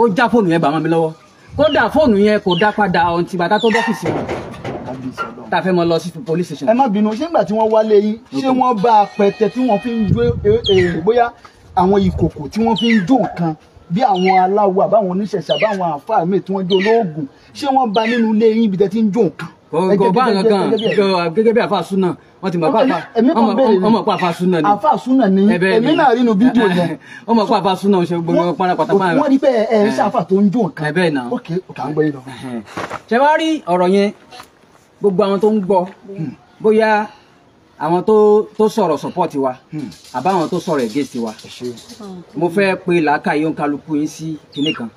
ó já fóònù yẹn gbà mọ́ lọ́wọ́ kódà fóònù yẹn kò dá padà ọ̀hún ti bàtà tó dọ́fíìsì wọn tá a fẹ́ mọ lọ sí police station. ẹ má bínú ṣé nígbà tí wọ́n wálé yín ṣé wọ́n bá apẹ̀tẹ̀ tí wọ́n fi ń jó eh, eh, bóyá àwọn ìkòkò tí wọ́n fi ń jó nǹkan bí àwọn aláwo àbáwọn oníṣẹ̀ṣẹ̀ àbáwọn àfáà mi tí wọ́n jó olóògùn ṣé wọ́n bá nínú ilé yín ibi tẹ́ ti ń jó nǹkan kò bá nǹkan kan gẹ́gẹ́ bí àfa súnà wọ́n ti mọ̀ pa ọmọ pa àfa súnà ni àfa súnà ni èmi náà rí inú fídíò yẹn ọmọ pa àfa súnà ń ṣe gbogbo pátápátá máa rẹ. wọ́n rí pé ẹ ń ṣàfà tó ń jó nǹkan ẹ bẹ́ẹ̀ náà ok ok à ń gbọ́ yín lọ. ṣe wá rí ọ̀rọ̀ yẹn gbogbo àwọn tó ń gbọ́ hmm. bóyá àwọn tó sọ̀rọ̀ support wa hmm. àbáwọn tó sọ̀rọ̀ against wa mo fẹ́ pe làákàyè òǹkàlùkù yín sí kinní kan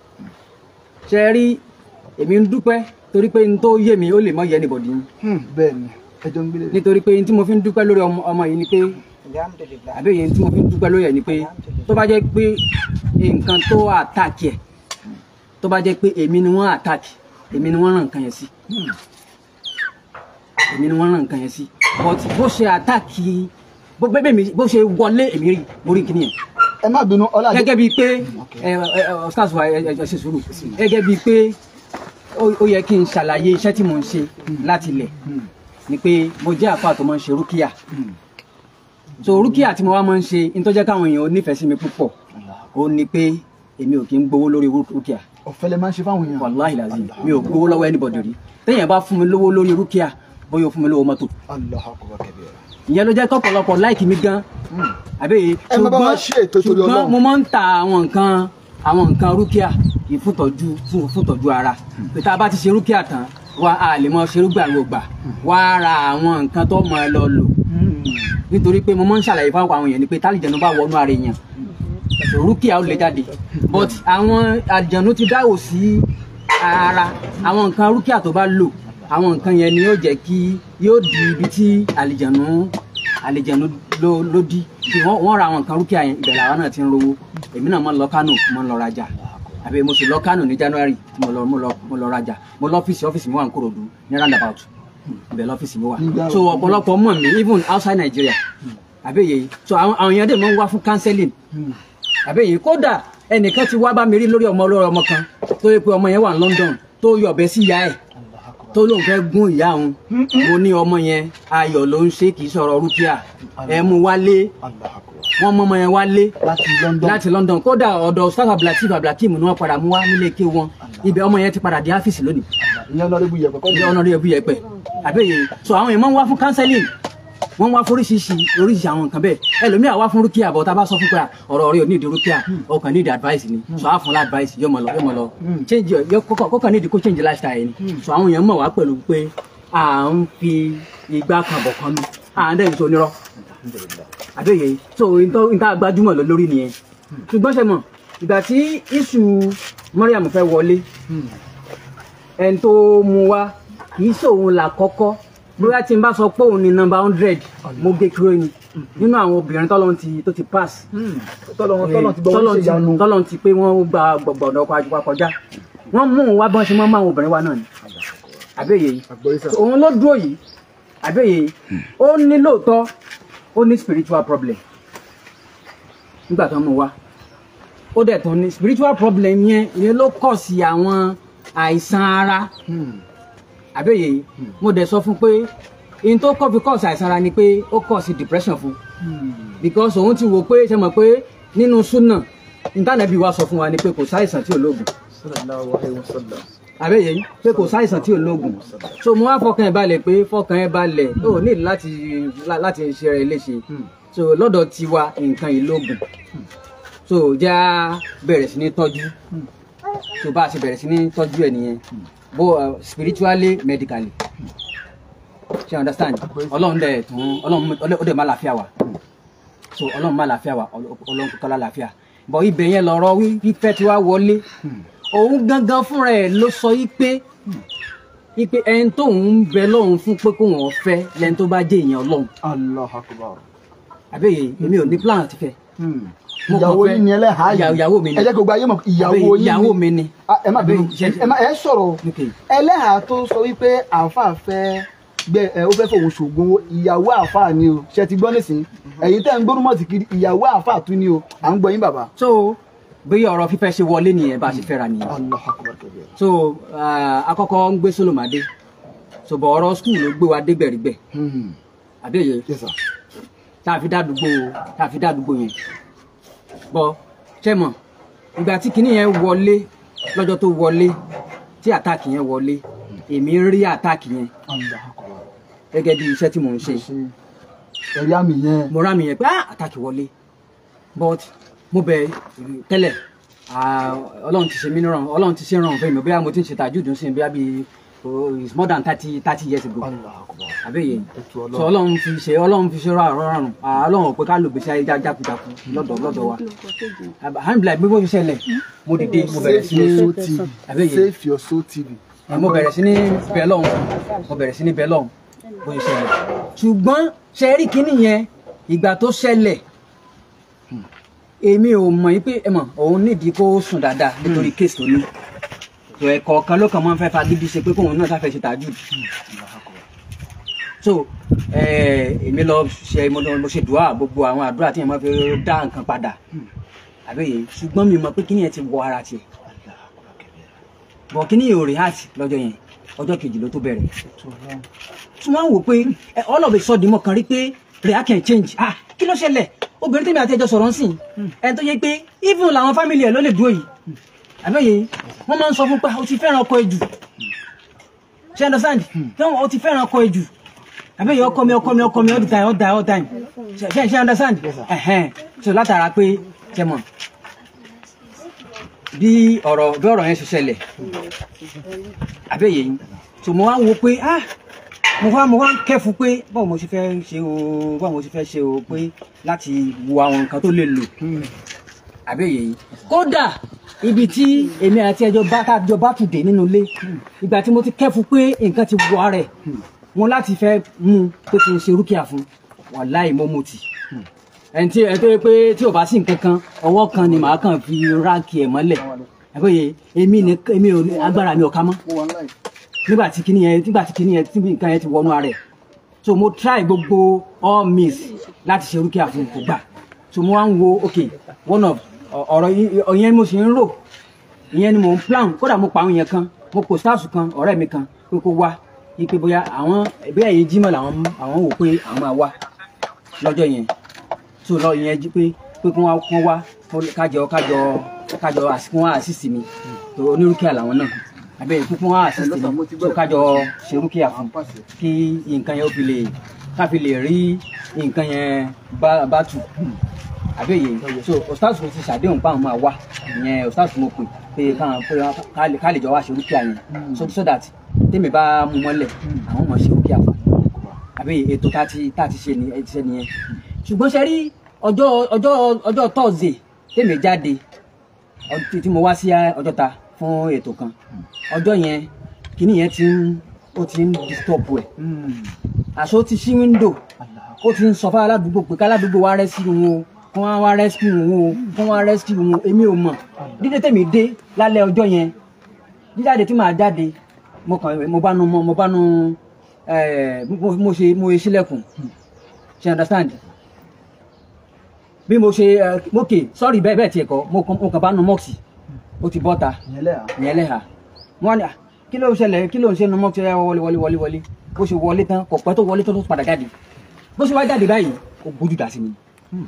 ṣe rí èmi ń dúpẹ́ torí pé n tó yé mi ó lè mọ yẹ anybody. Hmm, bẹ́ẹ̀ ni ẹjọ́ ń gbélé. nítorí pé n tí mo fi ń dúpẹ́ lórí ọmọ yìí ni pé àbí èyí tí mo fi ń dúpẹ́ lórí ẹ̀ ni pé tó bá jẹ́ pé nǹkan tó àtàkì ẹ̀ tó bá jẹ́ pé èmi ni wọ́n àtàkì èmi ni wọ́n ràn nǹkan yẹn sí hmm. èmi ni wọ́n ràn nǹkan yẹn sí but bó ṣe àtàkì bó ṣe wọlé èmi rí borí kìíní yẹn. ẹ má bínú ọlá. gẹ́gẹ́ bíi pé ọ̀sán àṣùwà ẹ̀ ẹ̀ ṣe sùúrù gẹ́gẹ́ bíi pé ó yẹ kí n ṣàlàyé iṣẹ́ tí mò ń ṣe láti ilẹ̀ hmm. ni pé mo jẹ́ àfa tó máa ń ṣe rúkìá hmm. so rúkìá tí mo wá máa ń ṣe ní tó jẹ́ káwọn èèyàn nífẹ̀ẹ́ sí mi púpọ̀ ó ní pé èmi ò kí ń gbowó lórí rúkìá. ọ̀fẹ́ lẹ máa ń ṣe fáwọn èèyàn. wàláhì làzim mi ò gbowó lọ́wọ́ anybody rí téèyàn bá fún mi lówó lórí rúkìá bóyá ó fún mi lówó mọ́tò. ìyẹn ló jẹ́ kọ́pọ̀lọpọ̀ láìkí mi gan. Hmm. àbẹ́yẹ ṣùgbọ́n mo máa ń ta àwọn nǹkan àwọn nǹkan rúkìá fúntọ́jú fúntọ́jú ara pé tá a bá ti ṣe rúkìá tán wa a lè mọ ṣe rúgbà rògbà wá ra àwọn nǹkan tó mọ ẹ lọ lò nítorí pé mo máa ń ṣàlàyé fáwọn àwọn èèyàn ni pé tálíjẹnu bá wọnú ara èèyàn rúkìá ó lè jáde but àwọn àjẹnu ti dáwò sí ara àwọn nǹkan rúkìá tó bá lò àwọn nǹkan yẹn ni yóò jẹ́ kí yóò di ibi tí àlìjẹnu àlejànú ló dí wọn ra àwọn nǹkan rúkìá yẹn ìbẹ̀rẹ̀ àwa náà ti ń rówó èmi náà mọ̀ lọ Kánò mọ̀ lọ rajà àbí mo sì lọ Kánò ní January mo lọ mo lọ mo lọ rajà mo lọ ọ́fíìsì ọ́fíìsì mi wà ní Kòròdú ní roundabout ibẹ̀ lọ́fíìsì mi wà so ọ̀pọ̀lọpọ̀ mọ̀ mí even outside Nigeria àbí èyí so àwọn èèyàn dẹ̀ mọ̀ ń wá fún counseling àbí èyí kódà ẹnìkan ti wá bá mi rí lórí ọmọ olóró ọmọ kan tó yẹ pé ọmọ yẹn wà ní London tó yọ ọ̀bẹ sí ìyá ẹ̀ tó lóun fẹ́ gún ìyá òun mo ní ọmọ yẹn ayọ̀ ló ń ṣe kì í sọ̀rọ̀ rúkìá ẹ mú wálé wọ́n mú ọmọ yẹn wá lé láti London kódà ọ̀dọ̀ Ustaz Abdulateef Abdulateef ni wọ́n padà mú wá nílé ké wọn ibẹ̀ ọmọ yẹn ti padà dé áfíìsì lónìí. ìyẹn ọ̀nàdébù yẹpẹ kọ́ ìyẹn ọ̀nàdébù yẹpẹ àbẹ́yẹ so àwọn èèyàn máa ń wá fún counseling wọ́n wá foríṣiríṣi oríṣiríṣi àwọn nǹkan bẹ́ẹ̀ ẹlòmíà wá fún rúkìá bọ̀ tá a bá sọ fún pé ọ̀rọ̀ rẹ ò ní ìdí rúkìá hmm. o kàn ní ìdí advice ni hmm. so a fún la advice yóò mọ lọ yóò mọ lọ hmm. change yọ kọ́kàn ní ìdí kó change lifestyle ni so àwọn èèyàn mọ̀ wá pẹ̀lú pé à ń fi igbá kan bọ̀ kan nu à ń dẹ̀ ń sọ nírọ̀ àbẹ́yẹ so níta gbajúmọ̀ lọ lórí nìyẹn ṣùgbọ́n ṣe mọ̀ ìgbà tí iṣu Mariam fẹ́ wọlé ẹni tó mu wá kì í ṣòun là kọ́kọ́ bóyá tí n bá sọ pé òun ni nọ́mbà hundred mo gé kúrò ni nínú àwọn obìnrin tọ́lọ́n ti tó ti pass tọ́lọ́n ti pé wọ́n gba gbọ̀gbọ̀dọ̀ ọkọ̀ kọjá wọ́n mú òun wá bọ́n ṣe mọ́ mọ́ àwọn obìnrin wa náà ni àbẹ́yẹ yìí òun ló dúró yìí àbẹ́yẹ yìí ó ní lóòótọ́ ó ní spiritual problem nígbà tó ń mú wá ó dẹ̀ tán ní spiritual problem yẹn ìyẹn ló kọ̀ sí àwọn àìsàn ara hmm. àbẹ́yẹ hmm. mo dẹ̀ sọ fún pé in tó kọ́ fi kọ́ sí àìsàn ara ni pé ó kọ́ sí depression fún hmm. because òun ti wò pé ṣe mọ̀ pé nínú súnà ìtànàbí wa sọ fún wa ni pé kò sáìsàn tí ò lóògùn. sallallahu alaihi wasallam àbẹ́yẹ yìí pé kò sáìsàn tí ò lóògùn so mo wá fọkàn ẹ̀ balẹ̀ pé fọkàn ẹ̀ balẹ̀ ó ní láti láti ṣe rẹ̀ léṣe hmm. so lọ́dọ̀ tiwa nǹkan ìlóògùn so já bẹ̀rẹ̀ sí ní tọ́jú hmm. so bá a ṣe bẹ̀rẹ̀ sí ní tọ́jú ẹ̀ nìyẹn hmm. bo uh, spiritually medically ṣe understand ọlọ́run dẹ̀ tún ọlọ́run ó dẹ̀ má láfíà wa so ọlọ́run má láfíà wa ọlọ́run kọ́lá láfíà bọ̀ ibẹ̀ yẹn lọ̀rọ̀ wípé tí wá wọlé òun gangan fúnra ẹ̀ ló sọ yí pé yí pé ẹni tóun ń bẹ lọ́hùn fún pé kó wọ́n fẹ́ lẹ́ni tó bá jẹ́ èèyàn ọlọ́hùn. Allahu Akbar. àbẹ́yẹ èmi ò ní plan àti fẹ́. Hmm. ìyàwó yìí ni ẹlẹ́hàá yìí ìyàwó mi ni ẹ jẹ́ kí o gba ayé mọ̀ ìyàwó yìí ni ìyàwó mi ni. Ah, ẹ má bínú ẹ sọ̀rọ̀ ẹlẹ́hàá tó sọ wípé àáfàá fẹ́ gbẹ ẹ ó fẹ́ fọwọ́ ṣògùn ìyàwó àáfàá ni o ṣe ti gbọ́ nísìnyí mhm. ẹ̀yin tẹ́ ń gbórúmọ̀ sí kiri ìyàwó bí ọ̀rọ̀ fífẹ́ ṣe wọlé nìyẹn bá a ṣe fẹ́ra nìyẹn so àkọ́kọ́ ń gbé solomade so bọ̀ ọ̀rọ̀ skul ló gbé wa dé gbẹ̀rígbẹ̀ hmm. àbẹ́yẹ tá a fi dádúgbò tá a fi dádúgbò yẹn bọ̀ tẹ́mọ̀ ìgbà tí kinní yẹn wọlé lọ́jọ́ tó wọlé tí àtàkì yẹn wọlé èmi rí àtàkì yẹn gẹ́gẹ́ bí iṣẹ́ tí mò ń ṣe mo rá yẹn pé àtàkì ah, wọlé but mo bẹ̀ tẹ́lẹ̀ ọlọ́run ti ṣe mí ràn ọlọ́run ti ṣe ràn fún bóyá mo ti ń ṣe tàjúdù sí bóyá bíi it's more than thirty thirty years ago àbẹ̀yẹ so ọlọ́run fi ṣe ọlọ́run fi ṣe rọ àrọ́ rọrùn ọlọ́run ò pé ká lò gbèsè ayé jákujáku lọ́dọ̀ lọ́dọ̀ wa alhamdulilayi bí wọ́n ṣe mo dìde mo bẹ̀rẹ̀ sí ní àbẹ̀yẹ save your soul tv mo bẹ̀rẹ̀ sí ní bẹ̀ mo bẹ̀rẹ̀ sí ní bẹ̀ lọ́hùn bó ṣe ṣẹlẹ̀ ṣùgbọ́n yẹn ìgbà tó ṣẹlẹ̀ èmi ò mọ̀ yí pé ẹ mọ̀ òun nídìí kó sùn dáadáa hmm. nítorí kéèsì tó ní tó ẹ̀kọ́ kan ló kàn máa ń fẹ́ fagídí ṣe pé kóun náà sáfẹ́ ṣe tàájú so èmi lọ ṣe mo ṣe dùá gbogbo àwọn àdúrà tí yẹn máa fi dá nǹkan padà àbẹ́yẹ ṣùgbọ́n mi mọ̀ pé kíni yẹn ti wọ ara tiẹ̀ bọ̀ kíni yẹn ò rí hàt lọ́jọ́ yẹn ọjọ́ kejì ló tó bẹ̀rẹ̀ tí wọ́n wò pé ọlọ́ọ̀bẹ sọ́ọ́dì kan rí pé prayer can change ah kí ló ṣẹlẹ̀ obìnrin tèmi àti ẹjọ́ sọ̀rọ̀ ń sìn ẹni tó yẹ pé even làwọn family ẹ̀ ló lè dúró yìí àbẹ́yẹ wọ́n máa ń sọ fún pé ah, o ti fẹ́ràn ọkọ ẹ̀ jù ṣe understand tí wọ́n ti fẹ́ràn ọkọ ẹ̀ jù àbẹ́yẹ ọkọ mi ọkọ mi ọkọ mi all the time all the time all the time ṣe ṣe understand ẹ̀hẹ́n so látara pé ṣe mọ̀ bí ọ̀rọ̀ bí ọ̀rọ̀ yẹn ṣe ṣẹlẹ̀ àbẹ́yẹ so mo wá wo pé ah mo wá mo wá kẹ́fu pé báwo mo ṣe fẹ́ ṣe o báwo mo ṣe fẹ́ ṣe o pé láti wo àwọn nǹkan tó lè lò hmm. àbí èyí kódà ibi tí èmi àti ẹjọ́ bá kájọ bá tù dé nínú ilé ìgbà tí mo ti kẹ́fu pé nǹkan ti wọ ara wọn láti fẹ́ mú pé kí n ṣe rúkìá fún wàláì mo ẹni tí ẹ tó yẹ pé tí ò bá sí nǹkan kan ọwọ́ kan ni màá kàn fi ráàkì ẹ̀ mọ́lẹ̀ àbí èyí èmi ò agbára mi ò ká mọ́ nígbà tí kinní yẹn nígbà tí kinní yẹn tí nǹkan yẹn ti wọnú ara ẹ̀ so mo try gbogbo all means láti ṣe orúkẹ́ àfún kò gbà so mo wá ń wo ok one of ọ̀rọ̀ ìyẹn mo sì ń rò ìyẹn ni mo ń plan kódà mo pa àwọn yẹn kan mo kò sáàsù kan ọ̀rẹ́ mi kan pé kó wá ipe bóyá àwọn ìbílẹ̀ yìí jímọ̀ làwọn àwọn wò pé àwọn máa wá lọ́jọ́ yẹn so lọ ìyẹn jí pé pé kí wọ́n wá kájọ kájọ kájọ àsìkò wọn àṣìṣì mi onírúkẹ́ àlàwọn náà abẹ́ ìkúnkún hàn àṣìṣe tó kájọ ṣerú kí àfún kí nǹkan yẹn ó fi lè ká fi lè rí nǹkan yẹn bá tù àbí èyí so ostars mo ti ṣàdéhùn báwọn máa wá ìyẹn ostars mo pè pé káwọn pé ká lè jọ wá ṣe orúkí àyẹn so so that tèmi bá mú mọ́lẹ̀ àwọn ọmọ ṣe orúkí àfà àbí ètò tá a ti ṣe nìyẹn ṣùgbọ́n ṣe rí ọjọ́ ọjọ́ ọjọ́ Thursday tèmi jáde tí mo wá sí ọjọ́ ta fún ètò kan ọjọ́ yẹn kíní yẹn ti ń ó ti ń disturb ẹ̀ hmm. àṣọ ti ṣí wíńdò ó ti ń sọ fún aládùúgbò pé káládùúgbò wa rẹ́ sí wọn o kán wá rescue wọn o kán wá rescue wọn èmi ò mọ̀ dídé tèmi dé lálẹ́ ọjọ́ yẹn jíjáde tí màá jáde mo kàn mo bá nu mo bá nu eh, mo ṣe mo ṣe sílẹ̀kùn ṣe understand bí mo ṣe eh, okay sorry bẹ́ẹ̀ bẹ́ẹ̀ tiẹ̀ kọ́ mo kàn bá nu mọ́ọ̀sì ó ti bọ́ta ìyẹn lẹ́hà wọ́n ní kí ló ń ṣẹlẹ̀ kí ló ń ṣe numọ́ tí ó wọlé wọlé wọlé wọlé bó ṣe wọlé tán kò pẹ́ tó wọlé tó tó padà jáde bó ṣe wá jáde báyìí ó gbójú dà sí mi hmm.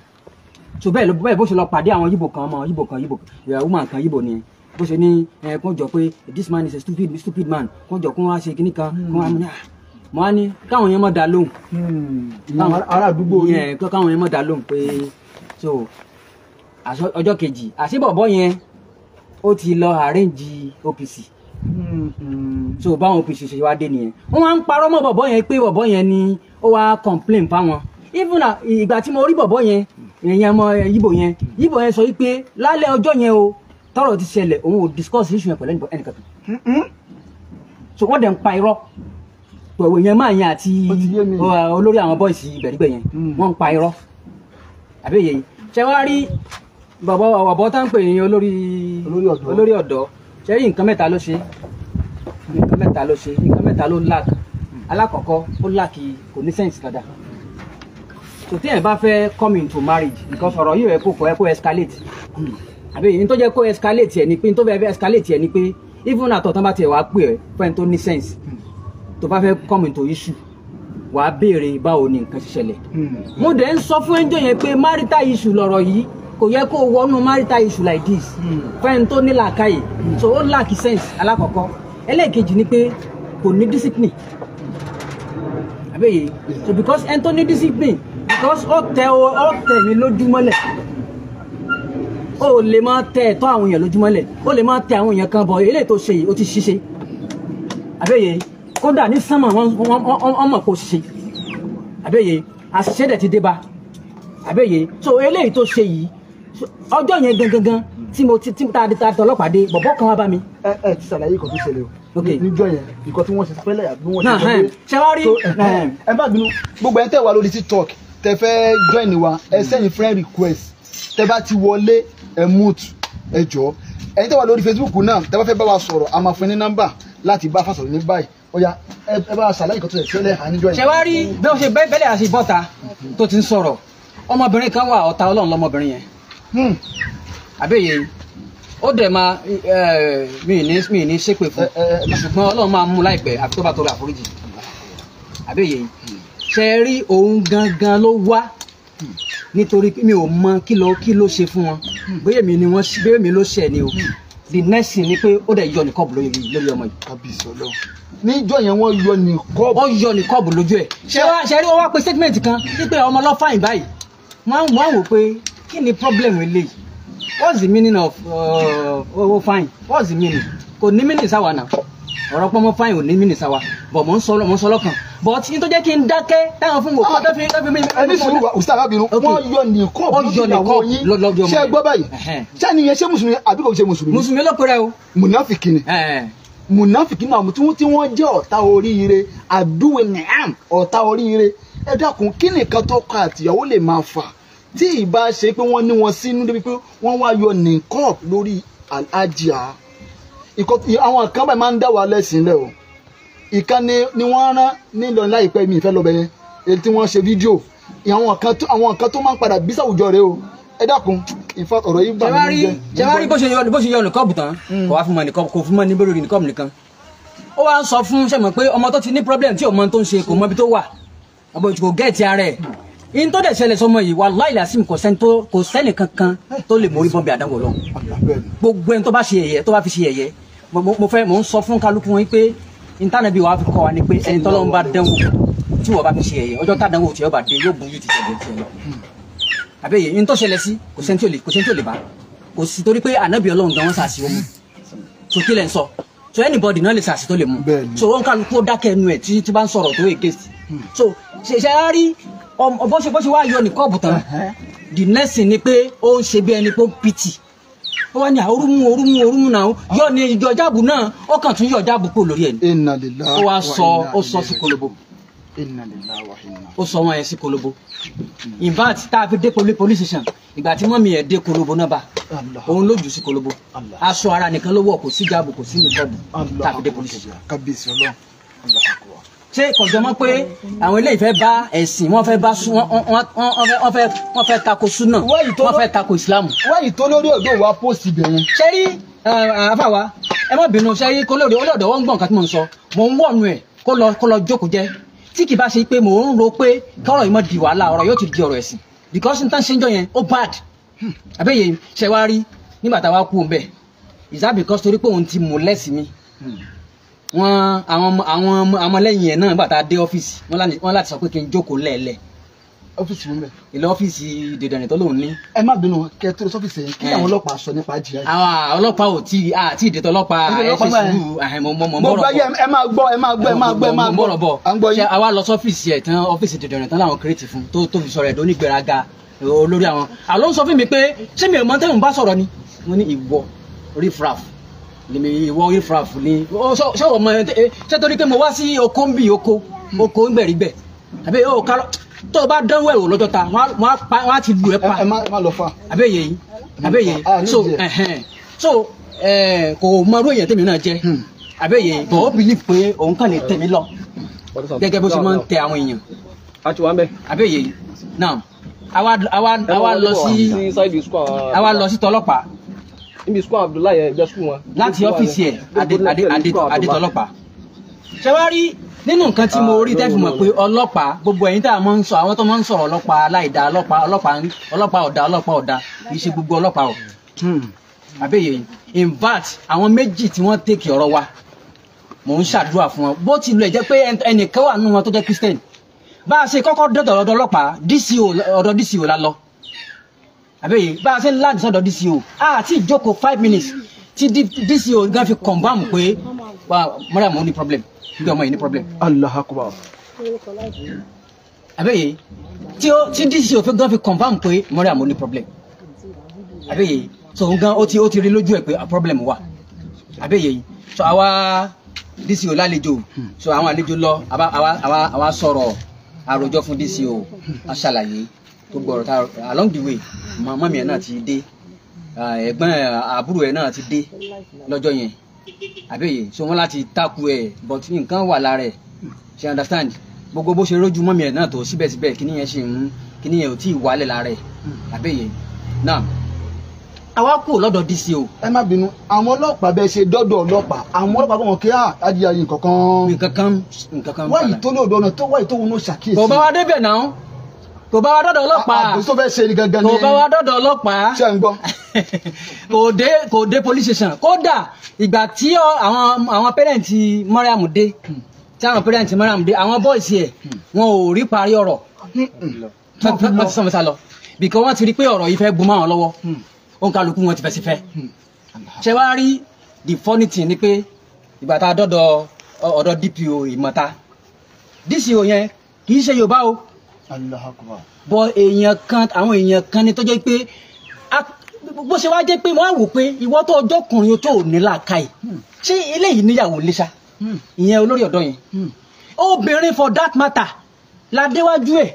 so bẹ́ẹ̀ ló bẹ́ẹ̀ bó ṣe lọ pàdé àwọn yíbo kan ọmọ yíbo kan yíbo eh, woman kan yíbo nìyẹn bó ṣe ní ẹ eh, kó jọ pé this man is a stupid stupid man kó jọ kó wá ṣe kíní kan kó wá mú ní à mo á ní káwọn yẹn mọ̀ dá lóhùn. Hmm. ará àdúgbò yẹn eh, káwọn yẹn mọ̀ dá lóhùn pé so ọjọ́ kejì àṣebọ̀bọ̀ yẹn ó ti lọ arrange OPC mm-hmm. so báwọn OPC ṣe wá dé nìyẹn wọ́n wá ń parọ́ mọ́ bọ̀bọ́ yẹn pé bọ̀bọ́ yẹn ni ó wá complain fáwọn even ìgbà tí mo rí bọ̀bọ́ yẹn èèyàn ọmọ yíbo yẹn yíbo yẹn sọ wípé lálẹ́ ọjọ́ yẹn o tọ́rọ̀ ti ṣẹlẹ̀ òun ò discuss issue yẹn pẹ̀lú ẹnìkan kan mm-hmm. so wọ́n dẹ̀ ń pa irọ́ pẹ̀wò yẹn máa yẹn àti olórí àwọn bọ́ìsì ìbẹ̀rígbẹ̀ yẹn mm. wọ́n ń pa irọ́ àbẹ́yẹ yìí ṣe bàbá bàbá tá ń pè yín olórí olórí ọ̀dọ́ sẹ́yìn nǹkan mẹ́ta ló ṣe nǹkan mẹ́ta ló ṣe nǹkan mẹ́ta ló lack alákọ̀ọ́kọ́ ó lack kò ní sense dáadáa so tí ẹ̀ bá fẹ́ come into marriage because ọ̀rọ̀ yìí ẹ̀ kò kọ́ ẹ̀ kó escalate àbí yìí tó jẹ́ kó escalate ẹ̀ ni pé tó fẹ́ escalate ẹ̀ ni pé even àtọ̀ tán bá tiẹ̀ wá pè ẹ̀ fẹ́ tó ní sense tó bá fẹ́ come into issue wàá béèrè báwo ni nǹkan ṣiṣẹlẹ̀ hmm. mo dẹ̀ ń sọ fún ẹjọ́ yẹn pé marital issue lọ̀rọ̀ yìí kò yẹ kó wọnú marital issue like this hmm. fẹ́ni tó ní làákàyè hmm. so ó lack sense alákọ̀ọ́kọ́ ẹlẹ́ẹ̀kejì ni pé kò ní discipline àbẹ́yẹ hmm. so because ẹni tó ní discipline because ó tẹ ó tẹ mí lójúmọ́lẹ̀ ó lè máa tẹ ẹ̀tọ́ àwọn èèyàn lójúmọ́lẹ̀ ó lè máa tẹ àwọn èèyàn kan bọ̀ eléyìí tó ṣe yìí ó ti ṣiṣẹ́ àbẹ́yẹ kódà ní sánmà wọn mọ̀ kó ṣe àbẹ́yẹ àṣìṣe dẹ̀ ti dé bá àbẹ́yẹ so eléyìí tó ṣe yìí ọjọ́ yẹn gangan tí mo ti ta ta tọlọ́pàá dé bọ̀bọ́ kan wá bá mi. ẹ ẹ ti ṣàlàyé ìkọ̀ tó ṣẹlẹ̀ o níjọ́ yẹn ìkọ̀ tí wọ́n ṣe fẹ́lẹ̀ àbí wọ́n ṣe fẹ́lẹ̀. Eh, ṣé wàá rí eh, eh. ẹ bá bínú gbogbo ẹ tẹ́ wà lórí tiktok tẹ́ fẹ́ join wa ẹ sẹ́yìn friend request tẹ́ bá ti wọlé ẹ mute ẹ jọ ẹ̀yin tẹ́ wà lórí facebook náà tẹ́ bá fẹ́ bá wa sọ̀rọ̀ a máa fún ní nọ́mbà láti bá fàṣọ̀rọ̀ ní báyìí ọ̀yà ẹ bá ṣàlàyé ìkọ̀ tó ṣẹlẹ̀ àníjọ́ yẹn. ṣé wàá rí bí wọ́n ṣe bẹ́ẹ̀ bẹ́ẹ̀ lè àṣìbọ́ta tó ti ń sọ̀rọ̀ ọmọbìnrin kan wà ọ̀tá ọlọ́run lọmọbìnrin yẹn Hmm. àbẹ́yẹ ó dẹ̀ máa mi ní mi ní ṣépè fún ṣùgbọ́n ọlọ́run máa mú láìpẹ́ àti tó bá tọrọ àforíjì àbẹ́yẹ ṣe rí òun gangan ló wá nítorí mi ò mọ kí ló kí ló ṣe fún wọn bóyá mi ni wọn bóyá mi ló ṣe ni o the next ni pé ó dẹ̀ yọ ní kọ́ọ̀bù lórí ọmọ yìí. kábíyèsí ọlọ́run níjọ yẹn wọ́n yọ ní kọ́ọ̀bù. wọ́n yọ ní kọ́ọ̀bù lójú ẹ̀. ṣé wá ṣe rí wọ́n wá pe statement kan wípé ọmọ lọ́fàyìn báyìí wọ́n wọ́n wò pé kí ni problem eléyìí what's the meaning of uh, owó oh, oh, fine what's the meaning kò ní meaning sáwa náà ọ̀rọ̀ pọ́nmọ́ fine ò ní meaning sáwa bọ̀ mọ̀ ń sọ mọ̀ ń sọ lọ́kàn bọ̀ tí n tó jẹ́ kí n dákẹ́ táwọn fún mi kọ́ tó fi tó fi mi. ẹni sùúrù wa òsì arábìnrin wọn yọ nìkan wọn yọ nìkan yín ṣe gbọ́ báyìí ṣé ni yẹn ṣé mùsùlùmí àbí kò ṣe mùsùlùmí. mùsùlùmí ló pẹ́rẹ́ o. mùnàfìkì ni mùnàfìkì náà tí wọ́n jẹ́ ọ̀tá oríire àdúwẹ̀ nìyàm ọ̀tá oríire ẹ dákun kí nìkan tọkọ àtìyàwó lè máa fà tí ìbá ṣe pé wọ́n ní wọn sínú débi pé wọ́n wá yọ nìkọ́ọ̀pù lórí àjíà àwọn kan báyìí máa ń dá wa lẹ́sìn lẹ̀ o ìkan ni wọ́n rán nílọrin láìpẹ́ mi ìfẹ́ lọ́bẹ̀ yẹn èyí tí wọ́n ṣe fídíò àwọn kan tó máa ń padà bí sàwùjọ rẹ o ẹ dákun ìfọ ọ̀rọ̀ yìí bà mí jẹ́. jẹ́wárí bó bó ṣe yọ nìkọ́ọ̀bù tán hmm. kò wá fún mọ nìkọ́ọ̀bù kò fún mọ níbẹ̀ lórí nìkan ó wá sọ fún sẹ́mi pé ọmọ tó ti ní problem tí ọmọ tó ń ṣe kò mọ ibi tó wà ọmọ ìjòkó gẹ̀ẹ́tì ara ẹ̀ in tó dẹ̀ ṣẹlẹ̀ sọmọ yìí wà láìlẹ̀ àsìm kò sẹ́ni tó kò sẹ́ni kankan tó lè mórí bọ́m̀bì àdánwò lọ gbogbo ẹni tó bá ṣe ẹ̀yẹ tó bá fi ṣe ẹ̀yẹ mo fẹ́ mo ń sọ fún kálukú wọn pé intanẹti wa fi kọ́ wa ni pé ẹni tọ́lọ́run bá dánwò tí wọ́n bá fi ṣe ẹ̀yẹ ọjọ́ tá dánwò tí wọ́n bá dé yóò bu yóò ti ṣẹlẹ̀ tiẹ̀ lọ àbẹ́yẹ in tó ṣẹlẹ̀ sí kò sẹ́ni tí ò lè bá kò sí torí pé ànábì ọlọ́run gan wọn ṣàṣì omi tó kí lẹ̀ ń sọ so anybody náà lè ṣàṣì tó lè mú so wọn kàn kó dákẹ́ ẹnu ẹ̀ tí tí bá ń sọ̀rọ̀ tó èké so ṣe ṣe á rí bó ṣe bó ṣe wá yọ ní kọ́ọ̀bù tán the next ni pé ó ń ṣe bí ẹni pé ó ń pìtì ó wá ní orúmú orúmú orúmú náà yọ ní ìjọ jáàbù náà ó kàn tún yọ jáàbù kúrò lórí ẹni ó wá sọ ó sọ sí kolobo ó sọ wọn yẹn sí kolobo in fact tá a fi dé poli police station ìgbà tí mọ́mí ẹ̀ dé kolobo náà bá òun ló jù sí kolobo aṣọ ara nìkan ló wọ̀ kò sí jáàbù kò sí nìkọ́ọ̀bù tá a fi dé police station ṣé kọjọ mọ̀ pé àwọn eléyìí fẹ́ bá ẹ̀sìn wọ́n fẹ́ bá wọ́n fẹ́ wọ́n fẹ́ tako súnà wọ́n fẹ́ tako ìsìlámù. wáyì tó lórí ọdọ wa pósì bẹ̀rẹ̀. ṣé rí àfàwà ẹ má bínú ṣé rí kó lórí olóòdò wọn gbọ̀n kan tí mò ń sọ mò ń wọ̀nù ẹ̀ kó lọ jókòó jẹ́ tí kì bá ṣe pé mò ń ro pé kọ́rọ̀ ìmọ̀ di wàhálà ọ̀rọ̀ yóò ti di ọ̀rọ̀ ẹ̀sìn because n tán ṣe ń jọ yẹn ó bad hmm. àbẹ́yẹ ṣẹ̀wá rí nígbà táwa kú òun is that because torí pé òun ti molest mi hmm wọn àwọn àwọn ọmọlẹ́yìn ẹ̀ náà bàtà dé ọ́fíìsì wọn láti sọ pé kí n jókòó lẹ́ẹ̀lẹ́ẹ̀ ọfíìsì mi bẹ. ilé ọfíìsì dèdèrè tó lòun ní. ẹ má bínú kẹ tó sọfíìsì yẹn kí àwọn ọlọ́pàá sọ nípa jìyà yìí. àwọn ọlọ́pàá ò tí a tí ìdètò ọlọ́pàá ẹ ṣe sùúrù mọmọrọ bọ. mo gbọ́ yẹ ẹ máa gbọ́ ẹ máa gbọ́ ẹ máa gbọ́ ẹ máa gbọ́ bọ. à ń gbọ́ yín. àwa lọ sọfíìsì ẹ tán ọfíìsì dèdèrè tán làwọn kìrìtì fún tó tó fi sọ̀rọ̀ ẹ dónígbèraga olórí àwọn àlọ́ sọ fún mi pé ṣé mi ò mọ lèmi ìwọ ìfurafu ni ṣé ọmọ ẹ ṣé torí pé mo wá sí oko ń bì oko oko ń gbẹ̀rígbẹ̀ àbí ó kárọ̀ tó o bá dánwó ẹ̀wò lọ́jọ́ ta wọ́n á ti lù ẹ́ pa àbẹ́ yẹn àbẹ́ yẹn so so kò mọ irú èèyàn tèmi náà jẹ́ àbẹ́ yẹn bọ̀ ó bìlì pé òun kàn lè tẹ̀mí lọ gẹ́gẹ́ bó ṣe máa ń tẹ àwọn èèyàn àbẹ́ yẹn náà àwa lọ sí àwa lọ sí tọlọ́pàá níbi sukùn abdullahi yẹn ibẹ̀ sukùn wọn. láti ọ́fíìsì ẹ̀ adétọ́lọ́pàá ṣe wá rí nínú nǹkan tí mo rí tẹ́fì mọ̀ pé ọlọ́pàá gbogbo ẹ̀yin tá a máa ń sọ àwọn tó máa ń sọ̀rọ̀ ọlọ́pàá aláìda ọlọ́pàá ọlọ́pàá ọlọ́pàá ọ̀dà ọlọ́pàá ọ̀dà kì í ṣe gbogbo ọlọ́pàá ọ̀ hmm. àbẹ́yẹ yìí in fact àwọn méjì tí wọ́n tèkì ọ̀rọ̀ wa mò ń ṣàdúrà fún wọn bó ti lè jẹ́ pé ẹnìkan wà nínú wọn tó jẹ́ Christian bá a ṣe kọ́kọ́ dọ̀dọ̀ ọ̀dọ̀ ọlọ́pàá DCO ọ̀dọ̀ DCO la lọ àbẹ́yẹ bá a ṣe ń láti sọ́dọ̀ DCO àti ìjókòó five minutes tí DCO gan fi confam pé mọ́ra mọ́ ní problem nígbà ọmọ yìí ní problem. Allahu Akbar. àbẹ́yẹ tí DCO fi gan fi confam pé mọ́ra mọ́ ní problem àbẹ́yẹ so gan ó ti ó ti rí lójú ẹ̀ pé problem wà àbẹ́yẹ so àwa DCO lálejò so àwọn àlejò lọ àwa àwa àwa sọ̀rọ̀ àròjọ fún DCO a ṣàlàyé tó gbọ́rọ̀ tá along the way mama ẹ̀ náà ti dé ẹ̀gbọ́n àbúrò ẹ̀ náà ti dé lọ́jọ́ yẹn àbẹ̀yẹ so wọ́n láti takú ẹ̀ but nǹkan wà lára ẹ̀ ṣe understand gbogbo bó ṣe rójú mọ́mí ẹ̀ náà tó síbẹ̀síbẹ̀ kíní yẹn ṣe ń kíní yẹn ò tí ì wálẹ̀ lára ẹ̀ àbẹ̀yẹ náà àwa kù lọ́dọ̀ dc o. ẹ má bínú àwọn ọlọ́pàá bẹ́ẹ̀ ṣe dọ́dọ̀ ọlọ́pàá àwọn ọlọ́pàá bọ̀ wọ́n kí ajíyá yìí nǹkan kan. nǹkan kan wáyé tó lóòdọ̀ náà tó wáyé tó wọnú ṣàkíyèsí. bọ̀bá wa débẹ̀ náà kò bá wa dọ́dọ̀ ọlọ́pàá àbùsọ fẹ́ ṣe ni gangan ni kò bá wa dọ́dọ̀ ọlọ́pàá ṣe ń gbọ́ kò dé kò dé police station kódà ìgbà tí àwọn àwọn pẹ́rẹ́ǹtì Mariam dé tí àwọn pẹ́rẹ́ǹtì Mariam dé àwọn bọ́ọ̀sì ẹ̀ wọn ò rí parí ọ̀rọ̀ wọ́n ti sọ̀rọ̀ sá lọ bìkọ́ wọ́n ti rí pé ọ̀rọ̀ yìí fẹ́ gun máwọn lọ́wọ́ ó ń kálukú wọn ti fẹ́ sí fẹ́ ṣe wá rí the funny thing ni pé ìgbà tá a dọ́dọ̀ ọ̀dọ̀ DPO ìmọ̀ta DCO yẹn kì í ṣe Yorùbá o bọ èèyàn kan àwọn èèyàn kan ni tó jẹ́ pé bó ṣe wá jẹ́ pé wọ́n á wò pé ìwọ tó ọjọ́ kùnrin tó ní làákàyè ṣé eléyìí níyàwó lẹ́sà ìyẹn olórí ọ̀dọ́ yẹn obìnrin for that matter ládéwájú ẹ̀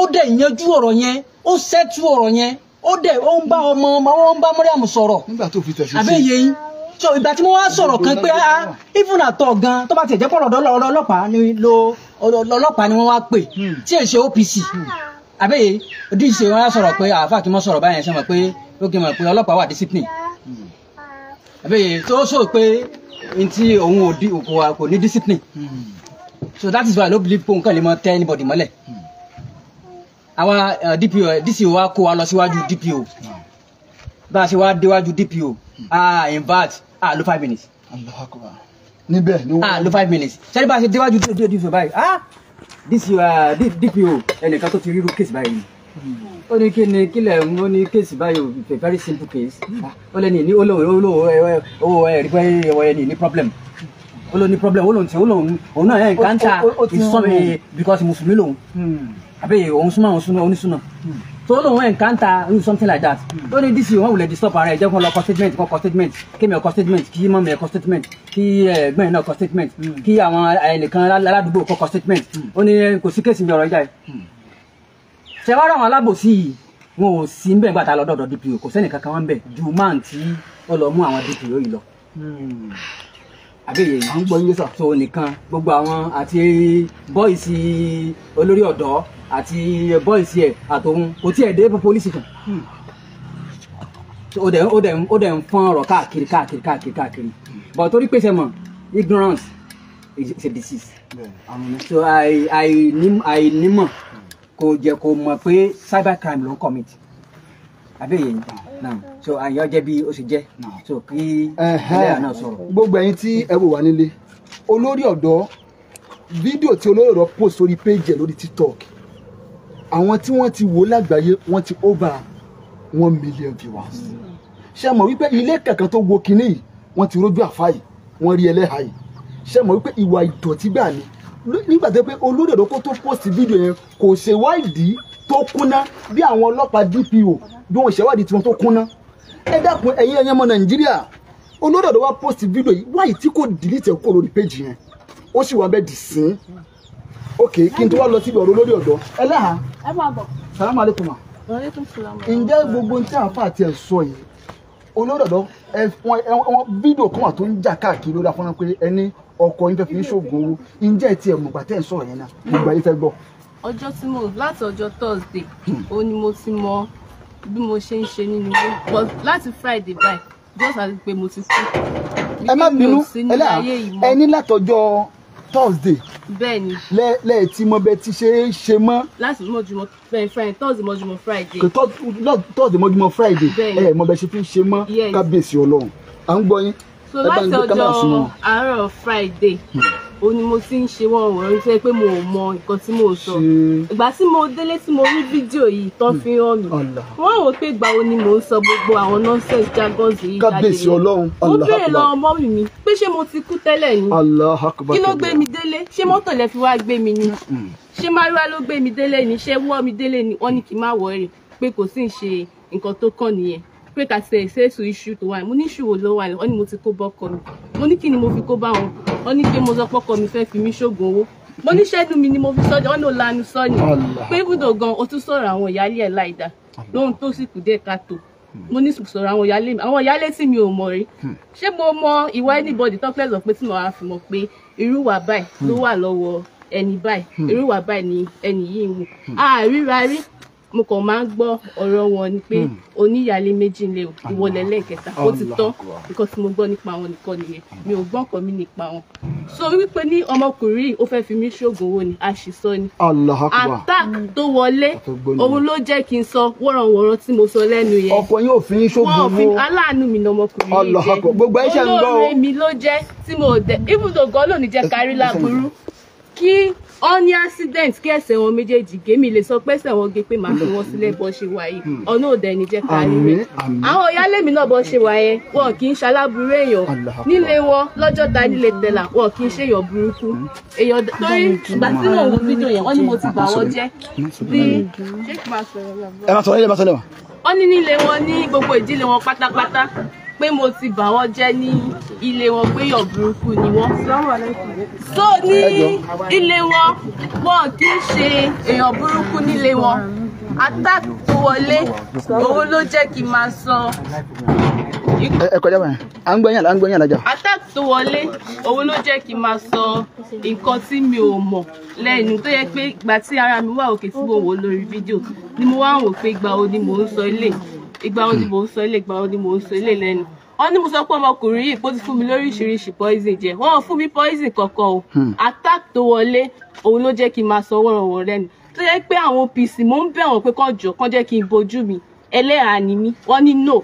ó dẹ̀ yanjú ọ̀rọ̀ yẹn ó ṣẹ́tú ọ̀rọ̀ yẹn ó dẹ̀ ó ń bá ọmọ ọmọ ó ń bá mọ́ríàmù sọ̀rọ̀ àbẹ́yẹ yín ìgbà tí mo wá sọ̀rọ̀ kan pé ah, ah even àtọ̀ gan tó bá tiẹ̀ jẹ́ pọ̀rọ̀ ọ̀dọ́ ọlọ́pàá ni lo ọlọ́pàá ni wọ́n wá pè hmm. tí ẹ̀ ń ṣe OPC àbẹ́yẹ ojúṣe wọn á sọ̀rọ̀ pé àáfàá kí wọ́n sọ̀rọ̀ báyẹn ṣe mọ̀ pé ó gé mọ̀ pé ọlọ́pàá wà discipline hmm. àbẹ́yẹ tó sọ pé n tí òun kò ní discipline hmm. so that is why i no believe pé òun kàn lè mọ tẹ anybody mọ́lẹ̀ àwa uh, DPO uh, DCO wa kó wa lọ síwájú DPO bá a ṣe wá déwájú DPO ah in invert ah lo five minutes níbẹ̀ ni wọ́n. ah lo five minutes ṣẹ́ni bá a ṣe déwájú tó dé ìdúfẹ́ báyìí ah this uh, dpo ẹnìkan tó ti ríru case báyìí ó ní kí ni kílẹ̀ ń ó ní case báyìí a very simple case ó lẹ́ni ní olówó olówó owó ẹ̀rí pé ẹ̀wọ̀ ẹni ní problem ó ló ní problem ó lòun ti ó lòun òun náà ẹ̀ ń káńtà ìsọ́mi because mùsùlùmí lòun. Hmm àbẹ́yẹ òun súnmọ́ àwọn súnmọ́ onísúnà tó lóun ẹ̀ǹkáńtà ní something like that hmm. ó ní dc one wulẹ̀ disturb ara ẹ̀ jẹ́ kó lọ kọ statement kó kọ statement kémi ọkọ statement kí mọ́mi ẹ̀kọ statement kí eh, ẹ̀gbọ́n ẹ̀ náà kọ statement hmm. kí àwọn eh, ẹnìkan aládùúgbò kọ kọ statement hmm. ó ní eh, kò sí kéèsì mi ọ̀rọ̀ ìjà yìí. ṣé wàá rọ àwọn alábòsí yìí wọn ò sí nbẹ̀ gbàtà lọ́dọ̀ọ̀dọ̀ dpo kò sẹ́nì kankan wọn bẹ̀ ju máà tí ó lọ mú àwọn dpo yìí lọ. àbẹ́yẹ yìí gbọ́ yín sọ tó nìkan gbogbo àwọn àti bọ́ìsì olórí ọ̀dọ́ àti boys ẹ̀ àtòun kò tí ẹ̀ dé polisi kan hmm. ó dẹ̀ ó dẹ̀ ó dẹ̀ ń fọ́n ọ̀rọ̀ káàkiri káàkiri káàkiri káàkiri but torí pé ṣe mọ̀ ignorance is a disease so I àìnímọ̀ kò jẹ́ kó mọ̀ pé cyber crime ló ń commit àbẹ̀yẹ̀ náà so àyàn jẹ́ bí ó ṣe jẹ́ so kí ẹlẹ́yà náà sọ̀rọ̀. gbogbo ẹ̀yin tí ẹ wò wá nílé olórí ọ̀dọ́ fídíò tí olórí ọ̀dọ́ post sórí péjì ẹ̀ lórí tiktok àwọn tí wọ́n ti wò lágbàáyé wọ́n ti over one million viewers ṣe mọ̀ wípé ilé kankan tó wo kinní yìí wọ́n ti rójú àfa yìí wọ́n rí ẹlẹ́ha yìí ṣe mọ̀ wípé ìwà ìdọ̀tí gbà ni nígbà tó pé olódòdó kó tó post fídíò yẹn kò ṣe wádìí tó kúnná bí àwọn ọlọ́pàá DPO bí wọ́n ṣe wádìí tiwọn tó kúnná ẹ dákun ẹ̀yin ẹ̀yẹ́ ọmọ Nàìjíríà olódòdó wa post fídíò yìí wáyìí tí kò delete ẹ̀ kó lórí péjì yẹn ó sì wà bẹ́ẹ̀ dì sín ok kí n tó wá lọ síbi ọ̀rọ̀ olórí ọ̀dọ́ ẹlẹ́hà ẹ máa bọ̀ salamu aleykum ma ǹjẹ́ gbogbo tí àǹfà àti ẹ̀ sọ yìí olórí ọ̀dọ́ ẹ wọn fídíò kan wà tó ń jà káàkiri lórí afọ́nrán pé ẹni ọkọ yín fẹ́ fi ń ṣoògùn owó ǹjẹ́ ẹ tiẹ̀ mọ̀gbà tẹ́ ẹ̀ sọ̀rọ̀ yẹn náà mọ̀gbà yín fẹ́ gbọ́. ọjọ́ tí mo láti ọjọ́ thursday ó ní mo ti mọ bí mo ṣe ń ṣe nínú ilé but láti friday báyìí just as pé mo ti kú. ẹ má bínú ẹ ní látọjọ́ thursday. bẹ́ẹ̀ni. lẹ lẹ ti mọ bẹ ti ṣe é ṣe mọ. láti mọjúmọ bẹ́ẹ̀ friday thursday mọjúmọ friday. kò thursday mọjúmọ friday. bẹ́ẹ̀ni ẹ mọ bẹ ṣe fi ṣe mọ kábíyèsí Ọlọ́run à ń gbọ́ yín so láti ọjọ́ àárọ̀ friday o hmm. ní mo ti ń ṣe wọ́n wọ́n rí sẹ́ pé mo ò mọ nǹkan tí mo sọ ìgbà tí mo délé tí mo rí fídíò yìí tán fi hàn mí wọ́n wò pé ìgbà o ni mò ń sọ gbogbo àwọn nonsense jargons yìí jáde kábíyèsí ọlọ́run mo béèrè lọ́wọ́ mọ́mì mi pé ṣé mo ti kú tẹ́lẹ̀ ni kí ló gbé mi délé ṣé mọ́tò lẹ fi wá gbé mi ni hmm. ṣé márúwá ló gbé mi délé ni ṣé wọ́ mi délé ni wọ́n ní kí n má wọ̀ọ́rì pé kò sí ń ṣe nǹkan tó kàn nìyẹn pé ká ṣe ìṣèṣù iṣu tó wà mo ní ìṣù wo ló wà ó ní mo ti kó bọ́kọ mi mo ní kí ni mo fi kó bá wọn ó ní pé mo sọ pọ́kọ mi fẹ́ fi mí ṣoògùn owó mo ní ṣẹ́nu mi ni mo fi sọ́jà ọ́nà lanu sọ́ni pé ibùdó gan o tún sọ̀rọ̀ àwọn ìyáálé ẹ̀ láìda lóhun tó sì kù dé káàtó hmm. mo ní sọ̀rọ̀ àwọn ìyáálé mi àwọn ìyáálé tí mi ò mọ̀ rí hmm. ṣé mo mọ ìwà anybody tó fẹ́ sọ pé tí mo wá fi mọ̀ pé irú wà báyìí ló hmm. wà lọ́wọ́ ẹni báyìí irú wà báyìí ni ẹni yìí ń wù àríra rí mo kàn máa ń gbọ́ ọ̀rọ̀ wọn ni pé hmm. oníyàlé méjì ń lé ìwọlẹ̀ lẹ́ẹ̀kẹta ó ti tán nǹkan tí mo gbọ́ nípa wọn nìkan nìyẹn mi ò gbọ́ nǹkan mi nípa wọn. so wípé ní ọmọkùnrin ó fẹ́ fi mí ṣoògùn owó ni àṣìsọ ni attack tó wọlé òun ló jẹ́ kí n sọ wọ́rọ̀wọ́rọ̀ tí mo sọ lẹ́nu yẹn. ọkọ yín ò fi yín ṣoògùn owó wọn ò fi aláàánú mi ní ọmọkùnrin yìí jẹ́ olóore mi ló jẹ́ tí mo dẹ̀ ọ ní accident kí ẹsẹ̀ wọn méjèèjì gémi lè sọ pé ẹsẹ̀ wọn gé pé màá fi wọn sílẹ̀ bọ́ ṣe wáyé hmm. ọ̀nà òdẹ ní jẹ́ ká rí rẹ̀ àwọn ìyálẹ̀mí náà bọ́ ṣe wáyé wọn kì í ṣaláburú èèyàn nílé wọn lọ́jọ́ ta nílé tẹ̀là wọn kì í ṣèyàn burúkú èèyàn torí ìgbà tí mò ń wo fídíò yẹn wọ́n ní mo ti bà wọ́n jẹ́ bí ṣé kí n máa sọ̀rọ̀ lọ́wọ́. ẹ má sọ̀rọ̀ ẹ má sọ̀rọ̀ wọn ní nílé wọn ní gbogbo ìdílé wọn pátápátá pé mo ti bà wọ́n jẹ́ ní ilé wọn pé yọ̀ burúkú ni wọ́n. so ní ilé wọn wọn kì í ṣe èèyàn burúkú nílé wọn attack tó wọlé òun ló jẹ́ kí n máa san ẹ kọjá báyìí à ń gbẹ́yìn à ń gbẹ́yìn àlájà. attack tó wọlé òun ló jẹ́ kí n máa sọ nǹkan tí mi ò mọ̀ lẹ́nu tó yẹ pé ìgbà tí ara mi wà òkè tí mo wò lórí fídíò ni mo wá ń wò pé ìgbà wo ni mò ń sọ ilé ìgbà wo ni mò ń sọ ilé ìgbà wo ni mò ń sọ ilé lẹ́nu wọ́n ní mo sọ pé ọmọkùnrin yìí kó ti fún mi lóríṣiríṣi poison jẹ wọn ò fún mi poison kankan o hmm. attack tó wọlé òun ló jẹ́ kí n máa sọ wọ́rọ̀wọ́ rẹ́nu tó yẹ pé àwọn OPC mò ń bẹ̀ wọ́n pé kán jọ kán jẹ́ kí n bojú mi ẹlẹ́hàá ni mí wọ́n ní no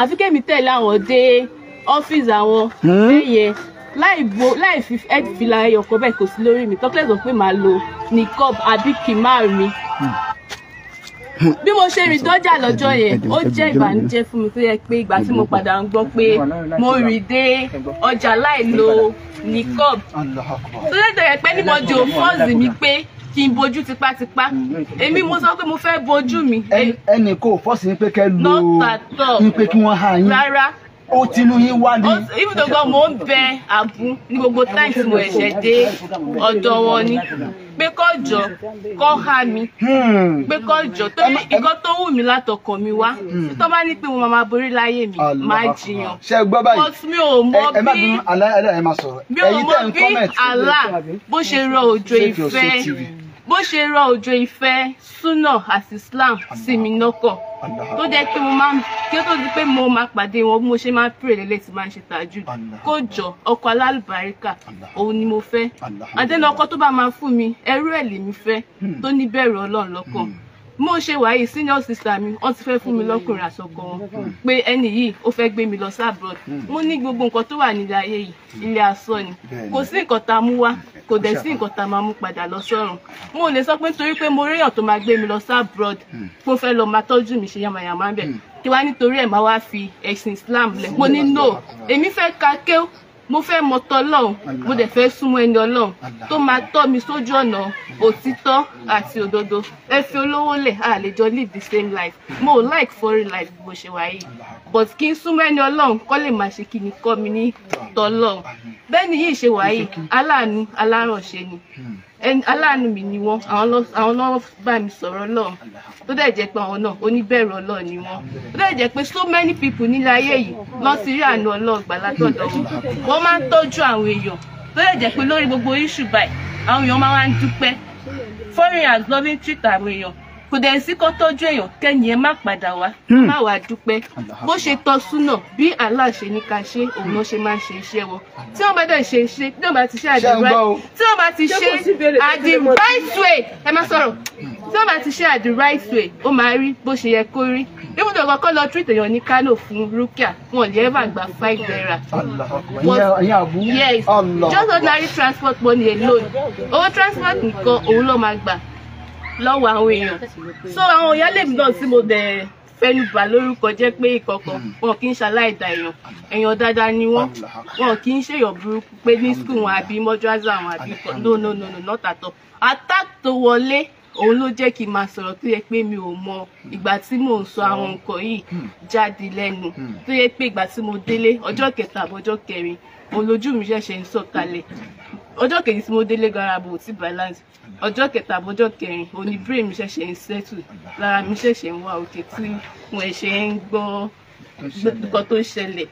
àfi kémi tẹ̀lé àwọn dé ọ́fíìsì àwọn hmm. lẹ́yẹ láì bo láì fi head fila ẹyọkọ bẹ́ẹ̀ kò sí lórí mi tọ́kílẹ̀ sọ pé màá lo nìkọ́b àbí kì máa bí mo ṣe rìn dọ́jà lọ́jọ́ yẹn ó jẹ́ ìbànújẹ́ fún mi tó yẹ pé ìgbà tí mo padà ń gbọ́ pé mo rìn dé ọjà láì lo nicob tó lẹ́tọ̀ yẹ pé ní mo jò fọ́ọ̀sì mi pé kí n bojú tipátipá èmi mo sọ pé mo fẹ́ bojú mi. ẹnì kò fọ́ọ̀sì ni pé kẹ́ lo ní pé kí wọ́n há yín. rárá ó tinú yín wá ní. ibi tó gan mò ń bẹ àbú ní gbogbo táìmù tí mo ẹ̀ṣẹ̀ dé ọ̀dọ̀ wọn ni pé kọ́ jọ kọ́ há mi hmm. pé kọ́ jọ torí nǹkan tó wù mí látọkàn mi wá hmm. tó bá ní pé mo máa borí láyé mi máa jiyàn ṣe gbọ́ báyìí mi ò mọ bí mi ò mọ bí àlá bó ṣe rọ òjò ìfẹ́ bó ṣe rọ òjò ìfẹ́ súnà àti islam sí mi lọ́kàn tó jẹ́ kí mo máa kí ó tó di pé mo máa pàdé wọn bí mo ṣe máa pèrè lélẹ̀ tí máa ń ṣe tàjú kó jọ ọkọ alálùbáríkà òun ni mo fẹ́ àdénà ọkọ tó bá máa fún mi ẹrú ẹ̀ lèmi fẹ́ hmm. tó ní bẹ̀rù ọlọ́run lọ́kàn hmm mo ṣe wàyí senior sister mi wọ́n ti fẹ́ fún mi lọ́kùnrin àsọkọ wọn pé ẹni yìí ó fẹ́ gbé mi lọ sábrọd mo ní gbogbo nǹkan tó wà nílé ayé yìí ilé asọ ni kò sí nǹkan tá a mú wá kò dẹ̀ sí nǹkan tá a máa mú padà lọ sọ́run mo lè sọ pé nítorí pé mo réyàn tó máa gbé mi lọ sábrọd mo fẹ́ lọ máa tọ́jú mi ṣe yamayama bẹ̀ kí wá nítorí ẹ̀ máa wá fi ẹ̀sìn Islam lẹ̀ mo ní no èmi fẹ́ ka kéw mo fẹ́ mọ tọlọ́run mo dẹ̀ fẹ́ súnmọ́ ẹni ọlọ́run tó máa tọ́ mi sójú ọ̀nà òtítọ́ àti òdodo ẹ fi olówó lẹ̀ a lè jọ live the same life mo like foreign life bí mo ṣe wà but kí n súnmọ́ ẹni ọlọ́run kọ́ lè máa ṣe kí ni kọ́ mi ní tọlọ́run bẹ́ẹ̀ ni yìí ṣe wà yìí aláàánú alárànṣe ni. Hmm aláàánú mi ni wọ́n àwọn náà bá mi sọ̀rọ̀ Ọlọ́run tó dẹ̀ jẹ́ pé àwọn náà oníbẹ̀rù Ọlọ́run ni wọ́n tó dẹ̀ jẹ́ pé so many people nílé ayé yìí lọ́n ti rí àánú ọlọ́ọ̀gbà látọ̀dọ̀ wọn wọ́n máa ń tọ́jú àwọn èèyàn tó dẹ̀ jẹ́ pé lórí gbogbo issue báyìí àwọn èèyàn máa wá ń dúpẹ́ foreign as loving treat àwọn èèyàn kò dẹ̀ sí kó tọ́jú èèyàn kẹ́ni ẹ má padà wá hmm. má wàá dúpẹ́ bó ṣe tọ́ súnà bí Allah ṣe ní ká ṣe òun ló ṣe máa ń ṣe iṣẹ́ wọn tí wọ́n bá dẹ̀ ṣe iṣẹ́ tí wọ́n bá ti ṣe àdìrá hmm. tí wọ́n bá ti ṣe àdìrá ẹ má sọ̀rọ̀ tí wọ́n bá ti ṣe at right way ó máa rí bó ṣe yẹ kó rí even though kọ́kọ́ lọ treat èèyàn ní Kano fún Rukia wọn lè ever gba five naira. yes just ordinary transport money alone owó transport nìkan òun ló máa gbà lọ́wọ́ àwọn èèyàn so àwọn ìyálẹ̀mí náà tí mo dẹ̀ fẹnu bà lórúkọ jẹ́ pé ìkọ̀kọ̀ hmm. wọn kì í ṣaláìda èèyàn èèyàn dáadáa ni wọ́n wọn kì í ṣèyàn burúkú pé ní skul wọn àbí mọ́júásì àwọn àbí no no no no not at all attack tó wọlé òun ló jẹ́ kí n máa sọ̀rọ̀ tó yẹ pé mi ò mọ ìgbà tí mò ń sọ àwọn nǹkan yìí hmm. jáde lẹ́nu hmm. tó yẹ pé ìgbà tí mo délé ọjọ́ kẹta àbọ̀jọ́ kẹrin òun lójú mi ṣẹ̀ṣẹ̀ ń sọ̀kalẹ̀ ọjọ́ kejì tí mo délé garabo ti balance ọjọ́ kẹta àbọ̀jọ́ kẹrin òní brain mi ṣẹ̀ṣẹ̀ ń settle lára mi ṣẹ̀ṣẹ̀ ń wá òkè tí mo ṣe ń gbọ́ nǹkan tó ṣẹlẹ̀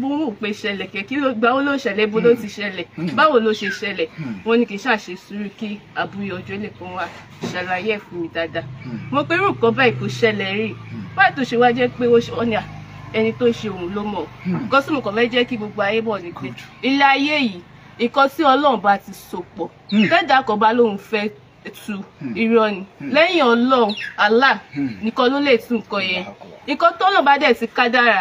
bó wò pé ṣẹlẹ̀ kẹ́kí gbáwó ló ṣẹlẹ̀ bó ló ti ṣẹlẹ̀ báwo ló ṣe ṣẹlẹ̀ wọ́n ní kì í ṣàṣe sùúrù kí àbúyọ ọjọ́ lè kàn wá ṣàlàyé ẹ̀ fún mi dáadáa mo pé irú nǹkan báyìí kò ṣẹlẹ̀ rí báyìí tó ṣe wá jẹ́ pé ẹni tó ṣe òun ló mọ̀ kọ́sùmù kan fẹ́ jẹ́ kí gbogbo ayé bọ̀ ní pé ilé ayé yìí nǹkan tí ọlọ́run bá ti so pọ̀ tẹ́dà hmm. kan bá lóun fẹ́ tu hmm. irọ́ ni hmm. lẹ́yìn ọlọ́run Allah nìkan ló lè tú nǹkan yẹn nǹkan tọ́lọ̀ bá dẹ̀ ti kádàrà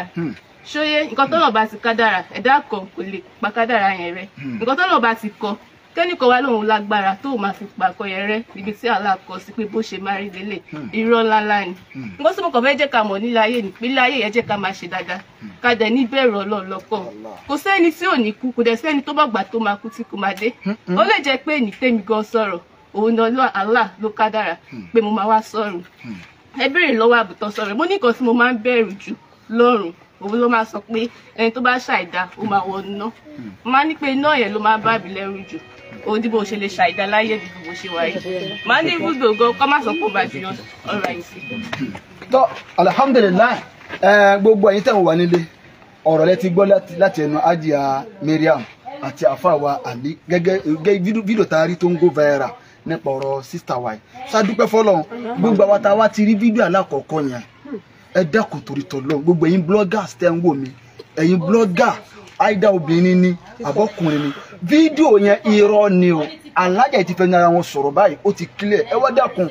ṣóyé nǹkan tọ́lọ̀ bá ti kádàrà ẹ̀dá kan kò lè pa kádàrà yẹn rẹ́ nǹkan tọ́lọ̀ bá ti kọ kẹ́nìkan wá lóun lágbára tó máa fi pàkọ yẹn rẹ́ ibi tí àlá kọ sí pé bó ṣe máa rí lélẹ̀ hmm. irọ́ ńláńlá ni hmm. nǹkan tí mo kàn fẹ́ jẹ́ ká mọ̀ nílé ayé nípínlẹ̀ ayé yẹn jẹ́ ká máa ṣe dáadáa hmm. ká dẹ̀ ní bẹ̀rù Ọlọ́run lọ́kàn kò sẹ́ni tí ò ní kú kò dẹ̀ sẹ́ni tó bá gbà tó máa kú tí kò máa dé ó lè jẹ́ pé ní tèmi gan sọ̀rọ̀ òun náà àlá ló kádàrà pé mo máa wá sọ̀rọ̀ òun ló máa sọ pé ẹni tó bá ṣàìdá ó máa wọ iná máa ní pé iná yẹn ló máa bá mi lẹ́rù òun tí bó ṣe lè ṣàìdá láyé bí bó ṣe wáyé máa ní ibùdó gan kọ́ má sọ pé bá ti ọ̀rọ̀ àìsí. tó alihamudulilayi gbogbo ẹ̀yin tẹ̀ ń wà nílé ọ̀rọ̀ lẹ ti gbọ́ láti ẹnu ajia Mariam àti àfàwà àlí gẹ́gẹ́ fídíò tá a rí tó ń go viral nípa ọ̀rọ̀ sísítà wa yìí sádúpẹ́ fọlọ́run gbogbo àwọn tá a wá ti rí fídíò alákọ̀ọ́kọ́ yẹn ẹ dákun torí tọlọ́run gbogbo ẹ̀yin blọ́gà tẹ́ ń wò mí ẹ̀yin blọ́gà Aida obìnrin ni àbọ̀kùnrin ni fídíò yẹn irọ́ ni o alájà ti fẹ́ nara wọn sọ̀rọ̀ báyìí ó ti kílẹ̀ ẹ wá dákun.